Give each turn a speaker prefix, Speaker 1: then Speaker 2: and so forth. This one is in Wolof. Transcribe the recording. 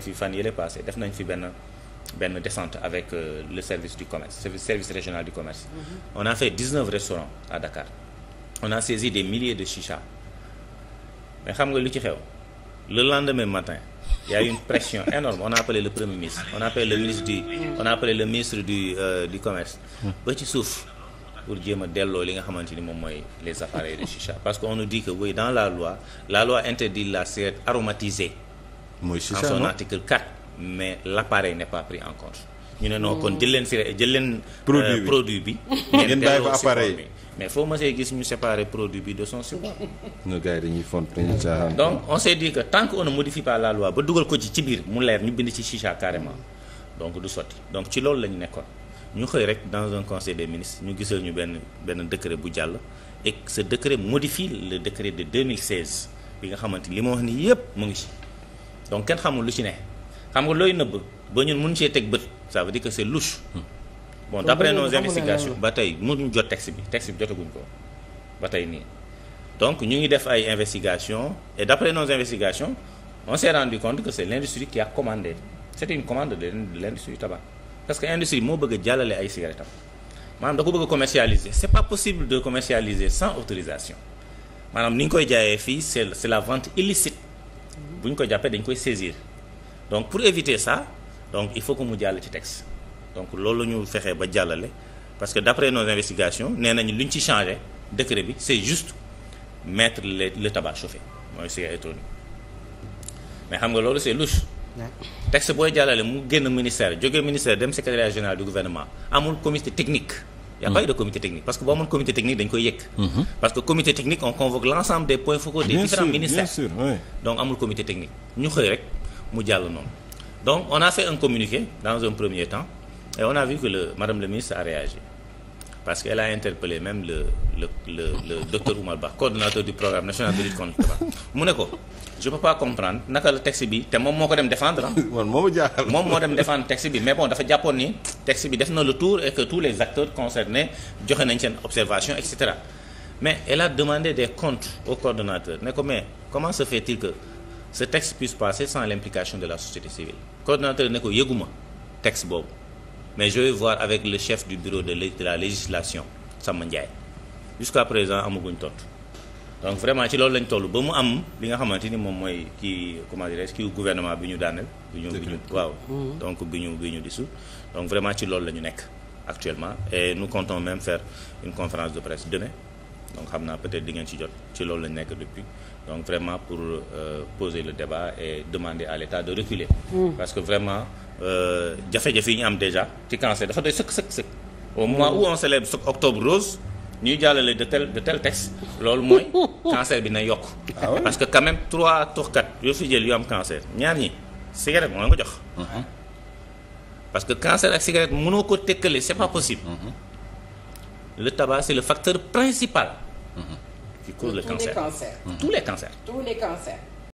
Speaker 1: fi fan yële passé def nañ fi benn benn descente avec euh, le service du commerce service, service régional du commerce mm -hmm. on a fait 19 restaurants à Dakar on a saisi des milliers de chicha mais xam nga lu ci xew le lendemain matin il y a eu une pression énorme on a appelé le premier ministre on a appelé le ministre du on le ministre du euh, du commerce mm. ba ci suuf pour jéem a delloo li nga xamante ni moom mooy les appareils de chicha parce que on nous dit que oui dans la loi la loi interdit la cigarette aromatisée mooy chicha en son article 4 mais l'appareil n'est pas pris en compte. ñu ne non kon oh. jël leen fi jël leen. produit euh, bi bi. ngeen bàyyi ko appareil mais foo ma see gis ñu séparer produit bi de son support. ñu gars yi dañuy font dañuy caaxaan. donc on s'est dit que tant qu'on ne modifie pas la ba dugal ko ci ci biir mu leer ñu bind ci chicha carrément donc du sotti donc ci loolu la ñu nekkoon ñu xëy rek dans un conseil des ministres ñu gisal ñu benn benn décret bu jàll et ce décret modifie le décret de 2016 bi nga xamante li ma wax nii yépp mu ngi ci. donc kenn xamul lu ci ne xam nga looy nëbb ba ñun mun cee teg bët ça veut dire que c'est louche hmm. bon d'après nos investigations ba tey mënuñ jot texte bi texte bi jotaguñ ko ba tey nii donc ñu ngi def ay investigations et d'après nos investigations on s'est rendu compte que c'est l'industrie qui a commandé c'était une commande de l'industrie du tabac parce que industrie moo bëgg a jàllale ay cigarettes am maanaam da ko bëgg a commercialiser c'est pas possible de commercialiser sans autorisation maanaam ni ñu koy jaayee fii c'est c'est la vente bu ñu ko jàppee dañ koy saisir donc pour éviter ça donc il faut que mu jàll ci texte donc loolu la ñu fexee ba jàllale parce que d'après nos investigations nee nañu li ñu ci changé décret bi c'est juste mettre le le tabac chauffé mooy cigarette électronique mais xam nga loolu c'est louche. texte booy jàllale mu génn ministère jógee ministère dem secrétariat général du gouvernement amul comité technique. y a pas mhm. de comité technique parce que boo amoon comité technique dañ koy yëkk mhm. parce que comité technique on convoque l'ensemble des points focaux des différents ministères donc amul comité technique ñu xëy rek mu jàll noonu donc on a fait un communiqué dans un premier temps on a vu que madame le ministre a réagi parce qu'elle a interpellé même le le le le docteur Oumar Ba coordonnateur du programme national de contre le mu ne ko je peux pas comprendre naka la texte bi te moom moo ko dem défendre ah. moom moo jaaxal moom moo dem défendre texte bi mais bon dafa jàppoon ni texte bi def na le tour et que tous les acteurs concernés joxe nañ seen observation et cetera mais elle a demandé des comptes au coordonnateur ne ko mais comment se fait-il que ce texte puisse passer sans l'implication de la société ne ko yëguma texte boobu. mais je vais voir avec le chef du bureau de la législation Samba Ndiaye jusqu'à présent amaguñ tontu donc vraiment ci loolu lañ toll ba mu am li nga xamante ni moom mooy kii comment dirais-je gouvernement bi ñu daaneel. bi ñu bi ñu waaw. Mhm. donc bi ñu bi ñu disu donc vraiment ci loolu la ñu nekk actuellement et nous comptons même faire une conférence de presse demain donc xam naa peut-être di ngeen ci jot ci loolu la ñu nekk depuis donc vraiment pour euh, poser le débat et demander à l'État de reculer. Mhm. Euh, jafe-jafe yi ñu am déjà ci cancer dafa doy sëkk sëkk sëkk. au moment où on célèbre sëkk octobre rose ñuy jàllale de tel de tel texte loolu mooy cancer bi na yokk. Ah parce que quand même trois tuxkat yoo fi jël yu am cancer ñaar ñi cigarette moo nga jox. Uh-huh. parce que cancer ak cigarette mënoo ko tëkkale c'est pas possible. Uh-huh. le tabac c'est le facteur principal. Uh-huh. qui cause le cancer tous les cancers. tous les cancers.